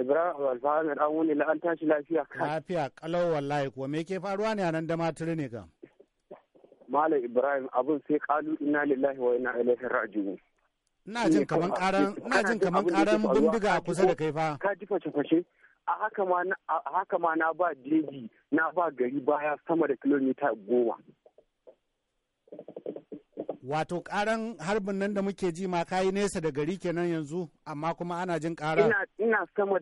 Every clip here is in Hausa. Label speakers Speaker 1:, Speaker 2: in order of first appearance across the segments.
Speaker 1: Ibrahim Alfahan an wuni la an tashi lafiya
Speaker 2: Lafiya kalau wallahi kuwa me ke faruwa ne a nan da ne
Speaker 1: Malam Ibrahim abin sai kalu ina lillahi wa ina ilaihi raji'un. Ina jin kaman karan ina jin kaman karan bindiga kusa da kai fa. Ka ji fashe fashe a haka ma na ba jeji na ba gari baya sama da kilomita goma.
Speaker 2: Wato karan harbin nan da muke ji ma kayi nesa da gari kenan yanzu amma kuma ana jin kara.
Speaker 1: Ina sama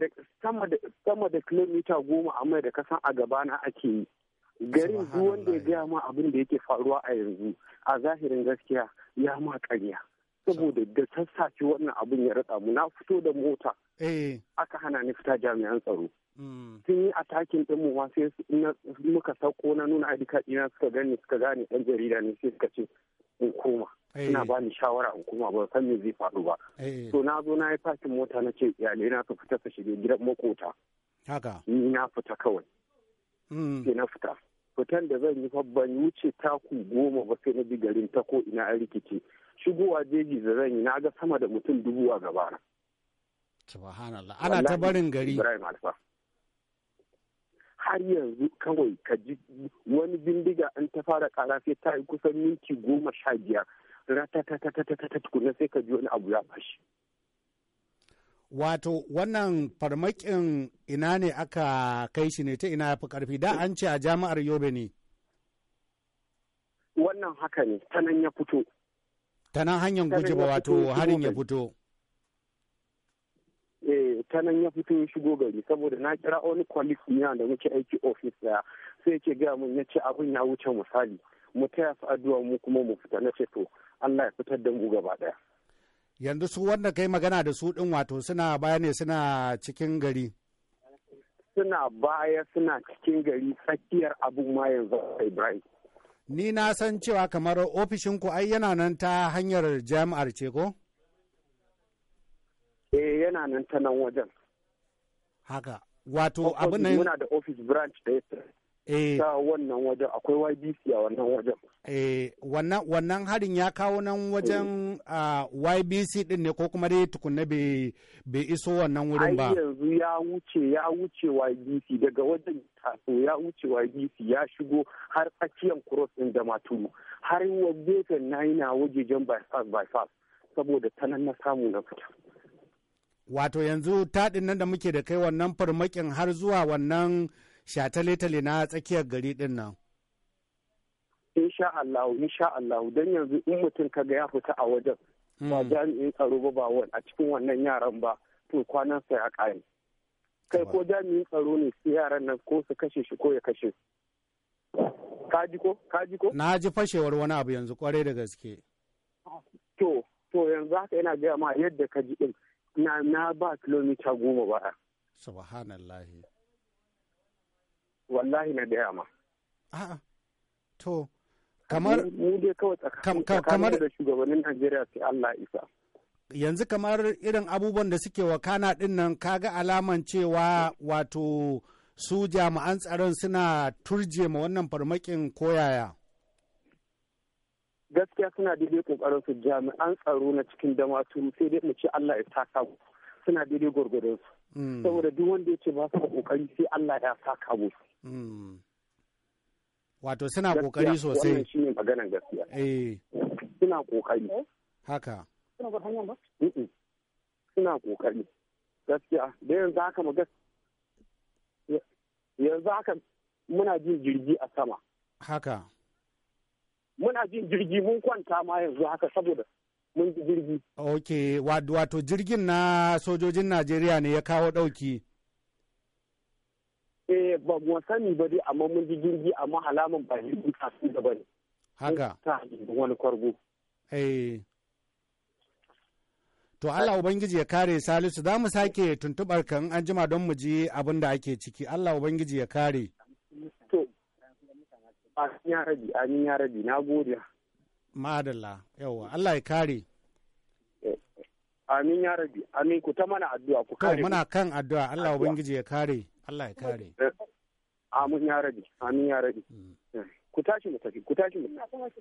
Speaker 1: da kilomita goma a mai da kasan a gabana ake yi. Garin duk wanda ya gaya ma abin da yake faruwa a yanzu a zahirin gaskiya ya ma karya saboda da sassafe wannan abin ya ratsa mu na fito da mota eh. aka hana ni fita jami'an tsaro hmm. sun yi atakin din mu sai muka sauko na nuna ID card suka gani suka gane dan jarida ne sai suka ce in koma suna eh. ba ni shawara in koma ba san me zai faru ba to eh. na zo na yi fakin mota na ce iyalai na ka fita ka shiga gidan makota haka ni na fita kawai mm. sai na fita fitan da zan yi ban wuce taku goma ba sai na bi garin ta ko ina an rikice shigowa jeji da zan yi na ga sama da mutum dubu a gabana
Speaker 2: subhanallah ana ta barin gari
Speaker 1: har yanzu kawai ka ji wani bindiga an ta fara kara sai ta yi kusan minti goma sha biyar ratatatatatatat tukuna sai ka ji wani abu ya fashi.
Speaker 2: Wato wannan farmakin ina ne aka kai shi ne ta ina fi karfi da an ce a jami'ar Yobe ne.
Speaker 1: Wannan haka ne, ta nan ya fito.
Speaker 2: Ta nan hanyar guje ba wato harin ya fito.
Speaker 1: ta nan ya fito ya shigo gari saboda na kira wani colleague yana da muke aiki ofis daya sai ke gaya mun ya ce abin ya wuce misali mu taya su addu'a mu kuma mu fita na ce to Allah ya fitar da mu gaba daya
Speaker 2: yanzu su wanda kai magana da su din wato suna baya ne suna cikin gari
Speaker 1: suna baya suna cikin gari tsakiyar abun ma yanzu Ibrahim
Speaker 2: ni na san cewa kamar ofishinku ai yana nan ta hanyar jami'ar ce ko
Speaker 1: yana nan ta nan wajen haka wato abin nan muna da office branch da eh. ta wannan wajen akwai ybc a wannan wajen
Speaker 2: eh wannan wannan harin ya kawo nan wajen eh. ah, ybc din ne ko kuma dai tukunna bai iso wannan wurin ba ai
Speaker 1: yanzu ya wuce ya wuce ybc daga wajen taso ya wuce ybc ya shigo har tsakiyar cross din da matulu har wa gefen na yana wajejen by fast saboda ta nan na samu na fita
Speaker 2: wato yanzu taɗin nan da muke da kai wannan farmakin har zuwa wannan shatale-tale na tsakiyar gari ɗin nan.
Speaker 1: Insha Allah, insha Allah, don yanzu in mutum kaga ya fita a wajen ba hmm. jami'in tsaro ba ba a cikin wannan yaran ba, to kwanan sa ya kai. Kai ko jami'in tsaro ne su yaran nan ko su kashe shi ko ya kashe. Kaji ko? Kaji ko? Na
Speaker 2: ji fashewar wani abu yanzu kwarai da gaske.
Speaker 1: To, to yanzu haka yana gaya ma yadda ka ji ɗin. na na ba kilomita goma ba Subhanallah. wallahi na daya ma a'a
Speaker 2: to kamar mu dai
Speaker 1: kawai tsakanin da shugabannin Najeriya sai Allah isa
Speaker 2: yanzu kamar irin abubuwan da suke wakana din nan kaga alaman cewa wato su jami'an tsaron suna turje ma wannan farmakin koyaya
Speaker 1: gaskiya suna daidai kokarin su jami'an tsaro na cikin damatu sai dai mu ce Allah ya saka mu suna daidai gwargwadon su mm. saboda duk wanda ya ce ba su kokari sai Allah ya saka mu mm. wato suna kokari sosai wannan shine maganar gaskiya eh suna kokari eh? haka suna ba hanya ba suna kokari gaskiya da yanzu haka mu yanzu haka muna jin jirgi a sama haka muna jin jirgi mun kwanta ma yanzu haka saboda
Speaker 2: mun ji jirgi. Ok, wato jirgin na sojojin Najeriya ne ya kawo ɗauki.
Speaker 1: Eh, ba mu sani ba dai amma mun ji jirgi amma halaman ba jirgin kasu da ba ne. Haka. Ta wani kwargo. Eh.
Speaker 2: To Allah Ubangiji ya kare Salisu za mu sake tuntuɓar kan an jima don mu ji abin da ake ciki. Allah Ubangiji ya kare.
Speaker 1: Amin ya rabi, amin ya rabi, na gode.
Speaker 2: Madalla, yawa, Allah ya kare.
Speaker 1: Amin ya rabi, amin ku ta mana addu'a ku kare. muna
Speaker 2: kan addu'a, Allah Ubangiji ya kare,
Speaker 1: Allah ya kare. Amin ya rabi, amin ya rabi. Mm. Ku tashi mu tafi, ku tashi mu tafi.